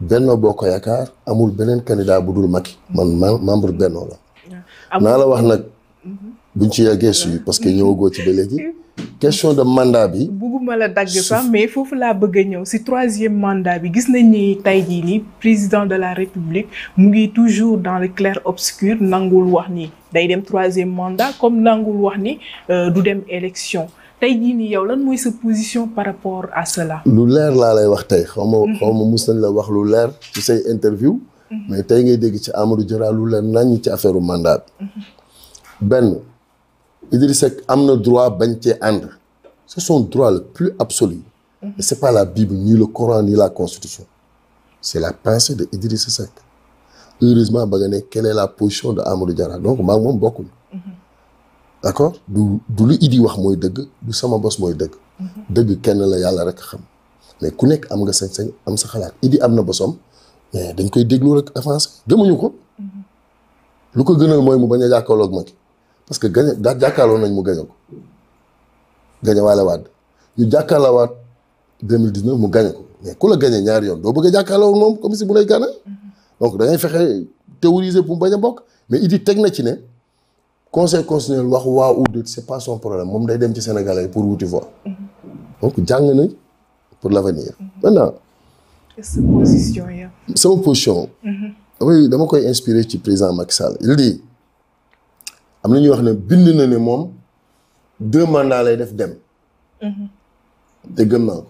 Benno Bokk Yaakaar amul beneen candidat bu dul Macky man membre Benno la ah, naa la wax nag mhm. buñ ci yeggee suy ah. parce que ñëwagoo ci ba léegi question de mandat bi bugguma la dagg sax mais foofu laa bëgg a ñëw si troisième mandat bi gis nañ ni tey jii nii président de la république mu ngi toujours dans le clair obscur nangul wax ni day dem troisième mandat comme nangul wax ni euh, du dem élection tey jii nii yow lan mooy sa position par rapport à cela. lu leer laa lay wax tey xaw ma mhm. xaw ma mus nañ la wax lu leer ci say interview. Mhm. mais tey ngay dégg ci Amadou Diarra lu leer nañ ci affaire mandat mhm. benn Idrissa am na droit bañ cee ànd. c'est son droit le plus absolu. et c'est pas la Bible ni le Coran ni la Constitution. c'est la pensée de Idrissa Seck heureusement ba nga ne quelle est la position de Amadou Diarra donc maa moom bokkul. d'accord du du lu idi wax mooy dëgg du sama bos mooy dëgg mhm. dëgg kenn la yàlla rek xam mais ku nekk am nga sañ-sañ am sa xalaat idi am na bosom mais dañ koy déglu rek avance gëmuñu ko mhm. lu ko gënal mooy mu bañ a jàkkaarloo ak Macky parce que gañe daa jàkkaarloo nañ mu gañe ko gañe waale waat ñu jàkkaarloowaat 2019 mu gañe ko mais ku la gañe ñaari yoon doo bëgg a moom comme si bu lay gànna mhm. donc da fexee fexe théoriser pour mu bañ a bokk mais idi teg na ci ne conseil constitutionnel wax waa ou déet pas son problème moom day dem ci Sénégalais pour wuti voix. Mm-hmm. donc jàng na pour l' avenir. Mm-hmm. maintenant. sama position. Mm-hmm. dama koy inspiré ci président Macky il dit am na ñuy wax ne bind na ne moom deux mandats lay def dem. te gëm naa ko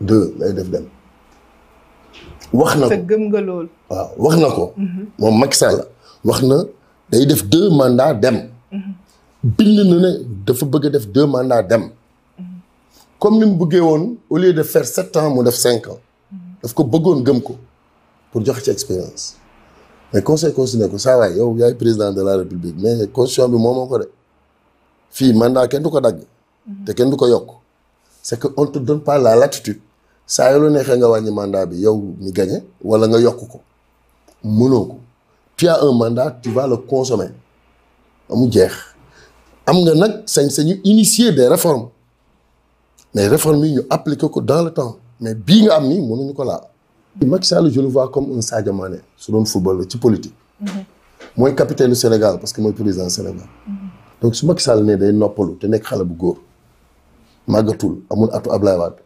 deux lay def dem. wax na ko lool. waaw wax na ko. moom Macky wax na day def deux mandats dem mm-hmm. bind na ne dafa bëgg def deux mandats dem mm-hmm. comme ni mu bëggee woon au lieu de faire sept ans mu def cinq ans mm-hmm. daf ko bëggoon gëm ko pour joxe ci expérience mais conseil constitutionnel yow yaay président de la république mais constitution bi moomoo ko de fii mandat kenn du ko dagg te kenn du ko yokk c'est que on te donne pas latitude saa yoo la neexee nga wàññi mandat bi yow mi gagné walla nga yokk ko mënoo tu as un mandat tu vas le consommer amu jeex am nga nag sañ-sañu initier des réformes mais réformes yi ñu appliquer ko dans le temps mais bii nga am ni mënuñu ko laa Macky je le vois comme un Sadio su doon football ci politique mm-hmm. mooy capitaine du Sénégal parce que mooy président Sénégal mm-hmm. donc su Macky Sall ne day noppalu te nekk xale bu góor màggatul amul atu Ablaye Wade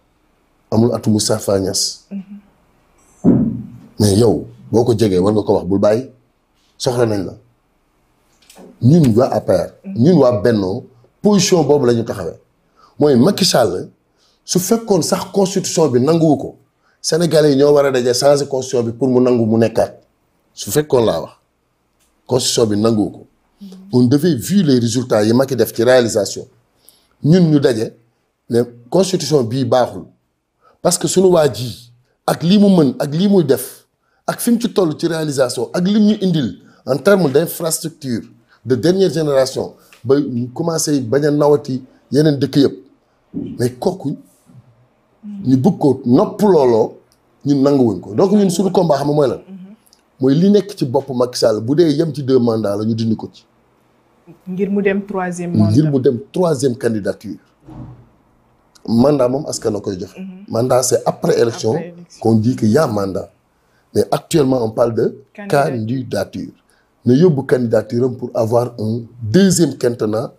amul atu Moustapha mm-hmm. mais yow boo ko jegee war nga ko wax bul bàyyi soxla nañ la ñun waa APR. ñun waa Benno position boobu la ñu taxawee mooy Macky Sall su fekkoon sax constitution bi nanguwu ko Sénégalais yi ñoo war a daje changer constitution bi pour mu nangu mu nekkaat su fekkoon laa wax constitution bi nanguwu ko on devait vu les résultats yi mag Macky def ci réalisation ñun ñu daje mais constitution bii baaxul parce que suñu waa ji ak lii mu mën ak lii muy def ak fi mu ci toll ci réalisation ak lim ñu indil. en termes d'infrastructure de dernière génération ba commencé bañ a nawati yeneen dëkk yëpp mais kooku ñu bëgg ko nopp looloo ñun nanguwuñ ko donc ñun su combat xam mooy lan mooy li nekk ci bopp Macky Sall bu dee yem ci deux mandats la ñu dindi ko ci. ngir mu dem troisième ngir mu dem troisième candidature. mandat moom askan na koy joxe. Mhm. mandat c'est après élection. après élection qu'on mandat mais actuellement on parle de. candidature. na yóbbu candidature pour avoir un deuxième quinquennat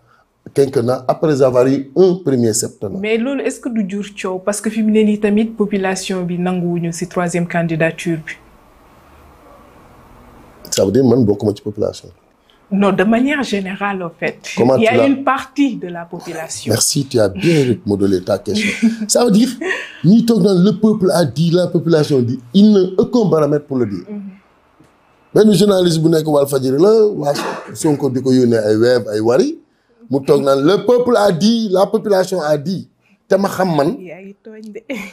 quinquennat après avoir eu un premier septennat. mais loolu est-ce que du jur coow parce que fi mu ne ni tamit population bi nanguwuñu si troisième candidature bi. ça veut dire man bokkuma ci population. non de manière générale en fait. comment tu l'as il une partie de la population. merci tu as bien modulé ta question. ça veut dire ñi toog naan le peuple a dit la population dit il n'y aucun paramètre benn journaliste bu nekk Walfadjri la waa Sonko di ko yónnee ay Wave ay Wari mu toog naan le peuple a dit la population a dit te ma xam man. yaa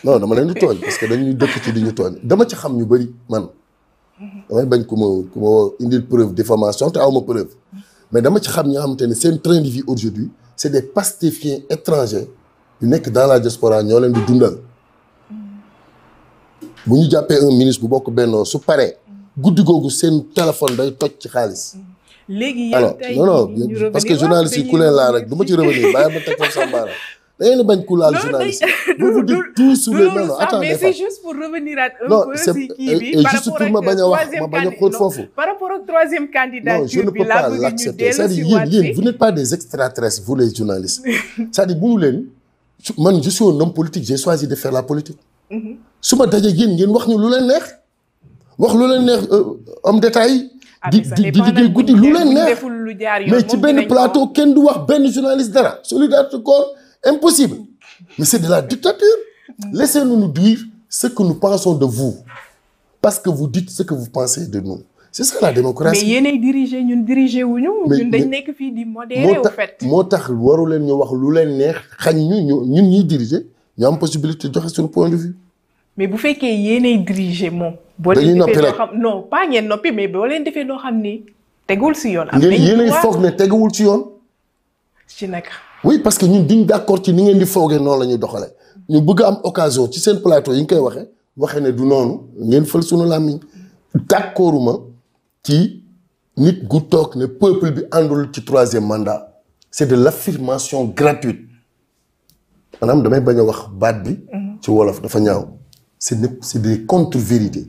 non dama leen di tooñ parce que dañu dëkk ci di ñu tooñ dama ci xam ñu bëri man. damay bañ ku ma ku ma indil preuve diffamation te aw ma preuve mais dama ci xam ñoo xamante ni seen train de vie aujourd'hui c'est des pastefiens étrangers yu nekk dans la diaspora ñoo leen di dundal mm. bu ñu jàppee un ministre bu bokk bennoo su paree. guddi googu seen téléphone day toj ci xaalis. léegi yéen tey non non parce que journaliste yi ku leen laal rek du ma ci revenir bàyyi ma teg foofu sama baaraam da ngeen di bañ ku laal journaliste. bu non non attendez pour revenir à un peu si euh, ma bañ a wax ma bañ a xóot foofu. par rapport ak troisième candidature bi laa bëgg ñu dellu si waat pas des extraterrestres vous les journalistes. cest à bu mu leen man je suis un homme politique j'ai de faire la politique. Mm-hmm. su ma dajee yéen ngeen wax ñu lu leen neex. wax lu leen neex euh, homme d'État yi. Ah, di di di liggéey guddi lu leen neex mais ci benn plateau kenn du wax benn journaliste dara solidarité corps impossible mais c'est de la dictature laissez-nous nous dire ce que nous pensons de vous parce que vous dites ce que vous pensez de nous c'est ça la démocratie. mais yéenay diriger ñun diriger wu ñu. ñun dañ nekk fii di modérer au fait. moo tax waru leen ñu wax lu leen neex xañ ñu ñu ñun ñuy diriger ñu am possibilité joxe suñu point mais bu fekkee yéenay diriger moom. boo leen defee loo xam non pas ngeen noppi mais boo leen defee loo xam ni teguwul si yoon. am nañ yéen foog ne teguwul si yoon. ci nag. oui parce que ñun duñ d' ci ni ngeen di foogee noonu la ñuy doxale ñu bëgg am occasion ci seen plateau yi nga koy waxee waxee ne du noonu ngeen fël sunu làmmiñ d' accorduma ci nit gu toog ne peuple bi àndul ci troisième mandat c' est de l' affirmation gratuite maanaam damay bañ a wax baat bi. Mm-hmm. ci wolof dafa ñaaw c' est des contre vérités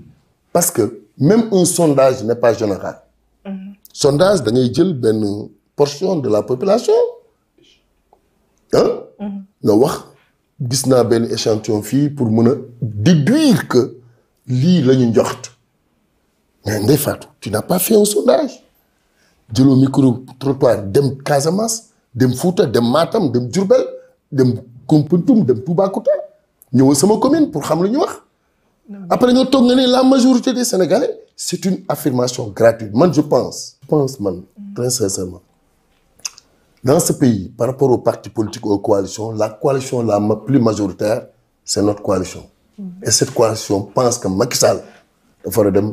parce que même un sondage ne pas général. Mm-hmm. sondage da jël benn portion de la population mm-hmm. nga wax gis naa benn échantillon fii pour mën a déduire que lii la ñu njoxt mais Ndeye Fatou tu n'as pas fait un sondage jëloo micro trottoir dem Casamance dem Fouta dem maatam dem Diourbel dem Koumpentoum dem Toubacouta ñëwal sama commune pour xam lu ñu wax. après nga toog nga ne la majorité des sénégalais c' une affirmation gratuite man je pense. je pense man très sincèrement dans ce pays par rapport aux partis politiques aux coalitions la coalition la plus majoritaire c' est notre coalition. et cette coalition pense que Macky Sall dafa war a dem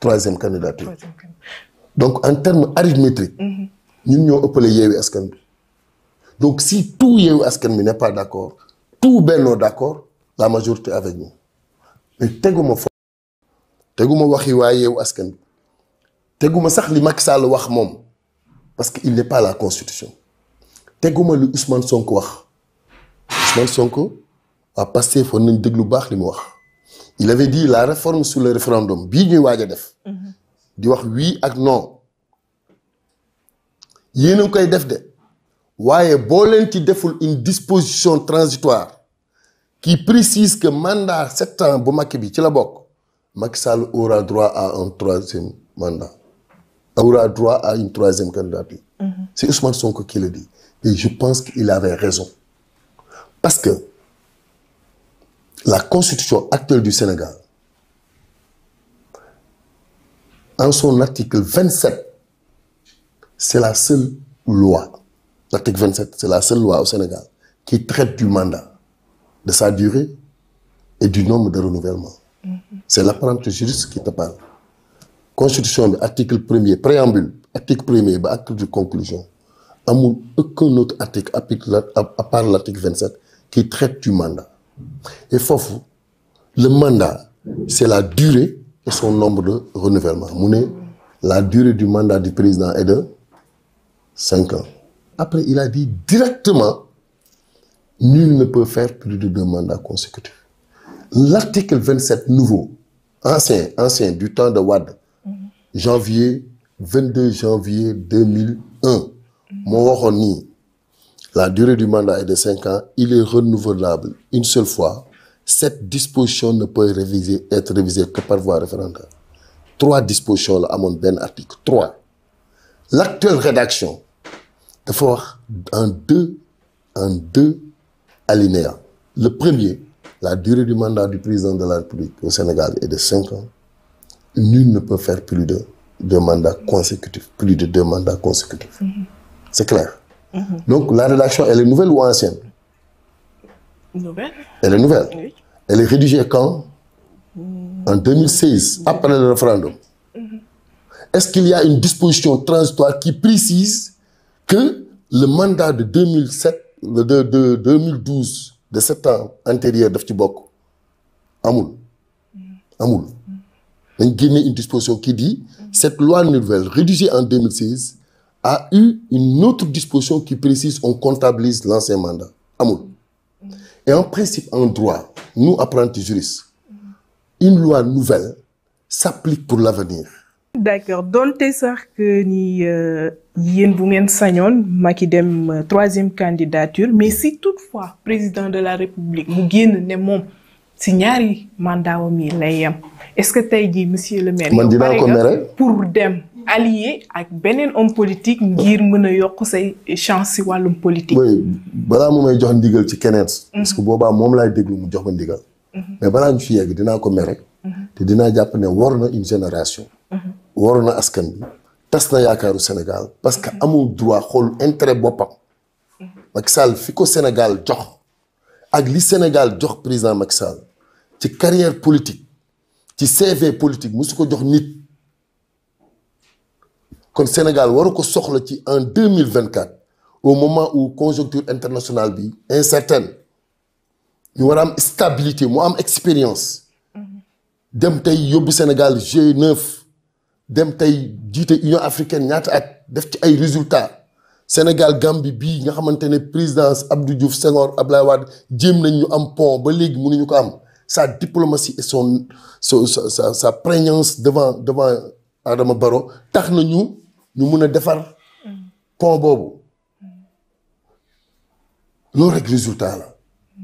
troisième candidature. donc en termes arithmétiques. Mm-hmm. ñun ñoo ëppale yeewi askan bi. donc si tout yeewi askan bi n' est pas d' accord tout Benno d' accord la majorité avec nous. mais teguma fo teguma waxi waa yeewu askan bi teguma sax li mag Sall wax moom parce que il n'est pas la constitution teguma lu Ousmane sonk wax Ousmane Sonko waa Pastef war nañ déglu lu baax li mu wax il avait dit la réforme sur le référendum bii ñuy waaj a def di wax oui ak non yéen koy def de waaye boo leen ci deful une disposition transitoire qui précise que mandat sept ans bu Macky bi ci la bokk Macky Sall aura droit à un troisième mandat aura droit à une troisième candidature. Mm -hmm. c'est Ousmane Sonko qui le dit et je pense qu'il avait raison parce que la constitution actuelle du Sénégal en son article 27 c'est la seule loi l'article c'est la seule loi au Sénégal qui traite du mandat de sa durée et du nombre de renouvellement mmh. c'est l'apparente juriste qui te parle constitution bi article premier préambule article premier ba acte de conclusion amul aucun autre article à part l'article qui traite du mandat et foofu le mandat c'est la durée et son nombre de renouvellement mu ne la durée du mandat du président est de cinq ans après il a dit directement nul ne peut faire plus de deux mandats consécutifs l'article 27 nouveau ancien ancien du temps de Wade janvier 22 janvier 2001 moo waxoon nii la durée du mandat est de cinq ans il est renouvelable une seule fois cette disposition ne peut réviser être révisée que par voie référendaire trois dispositions la amoon benn article trois l'actuelle rédaction dafa wax en deux en deux alinéa. Le premier, la durée du mandat du président de la République au Sénégal est de cinq ans. Nul ne peut faire plus de deux mandats consécutifs, plus de deux mandats consécutifs. Mm-hmm. C'est clair. Mm-hmm. Donc la rédaction, elle est nouvelle ou ancienne Nouvelle. Elle est nouvelle. Oui. Elle est rédigée quand mm-hmm. En 2016, le référendum. Est-ce qu'il y a une disposition transitoire qui précise que le mandat de le de de 2012 de sept ans antérieur daf ci bokk amul mm. amul dañ génne une disposition qui dit mm. cette loi nouvelle rédigée en 2016 a eu une autre disposition qui précise on comptabilise l'ancien mandat amul mm. et en principe en droit nous apprentis juristes une loi nouvelle s'applique pour l'avenir d'accord donte sax que ni euh, yéen bu ngeen sañoon Macky dem euh, troisième candidature mais si fois président de la République mu génn ne moom si ñaari mandaawam yi lay yem est-ce que tey jii monsieur le mais man dinaa ko mere pour dem. allié ak beneen homme politique ngir mën a yokk say chance si wàllum politique. oui balaa mu may jox ndigal ci keneen. Mhm. parce que boobaa moom laay déglu mu jox ma ndigal. Mhm. mais balaa ñu fi dinaa ko mere. Mhm. te dinaa jàpp ne war na une génération. waroon na askan bi tas na yaakaaru Sénégal parce que amul droit xool intérêt boppam Macky Sall fi ko Sénégal jox ak li Sénégal jox président Macky Sall ci carrière politique ci CV politique musu ko jox nit kon Sénégal waru ko soxla ci en deux mille vingt quatre au moment où conjoncture internationale bi incertaine ñu war a am stabilité mu am expérience mm-hmm. dem tey yóbbu Sénégal g dem tey jiite Union africaine ñaata ak def ci ay résultat Sénégal Gambie bii nga xamante ne présidence Abdou Diouf Senghor Abdoulaye Wade jéem nañ ñu am pont ba léegi mënuñu ko am sa diplomatie et son sa sa sa prégnance devant devant Adama Barrow tax nañu ñu mun a defar pont boobu loolu rek résultat la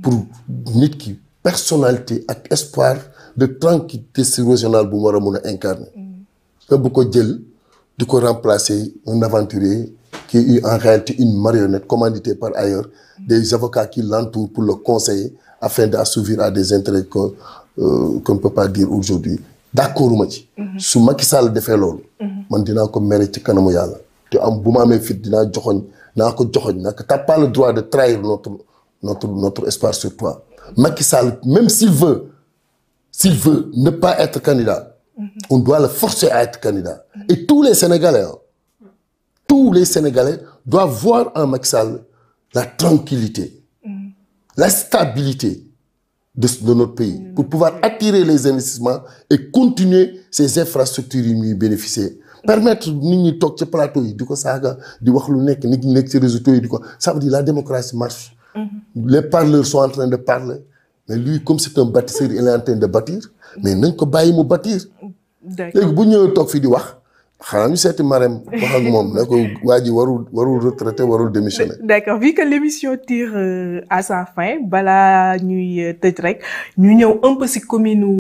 pour nit ki personnalité ak espoir de tranquillité régionale bu mu war a mun a incarner. nga bu ko jël di ko remplacer un aventurier qui en réalité une marionnette commanditée par ailleurs des avocats qui l'entourent pour le conseiller afin d'assouvir à des intérêts que euh, qu'on ne peut pas dire aujourd'hui d'accorduma ci mhm. su Macky Sall defee loolu mhm. man dinaa ko mere ci kanamu yàlla te am bu ma amee fit dinaa joxoñ naa ko joxoñ nag t'as pas droit de trahir notre notre notre espoir sur toi Macky Sall même s'il veut s'il veut ne pas être candidat On doit le forcer à être candidat. Et tous les Sénégalais, hein, tous les Sénégalais doivent voir en Macky Sall la tranquillité, la stabilité de, de notre pays pour pouvoir attirer les investissements et continuer ces infrastructures yu ñuy bénéficier. permettre nit ñi toog ci plateau yi di ko saaga di wax lu nekk nit ñi nekk ci réseaux yi di ko ça veut la démocratie marche. Mm-hmm. les parleurs sont en train de parler. mais lui comme c'est un bâtisseur il en train de bâtir mais nañ ko bàyyi mu bâtir. d'accord léegi bu ñëwee toog fii di wax. xanaa ñu seeti Marème wax ak moom ne ko waa ji warul warul retraité warul démissionné. d'accord vu que l'émission tire euh, à sa fin balaa ñuy euh, tëj rek ñu ñëw un peu commune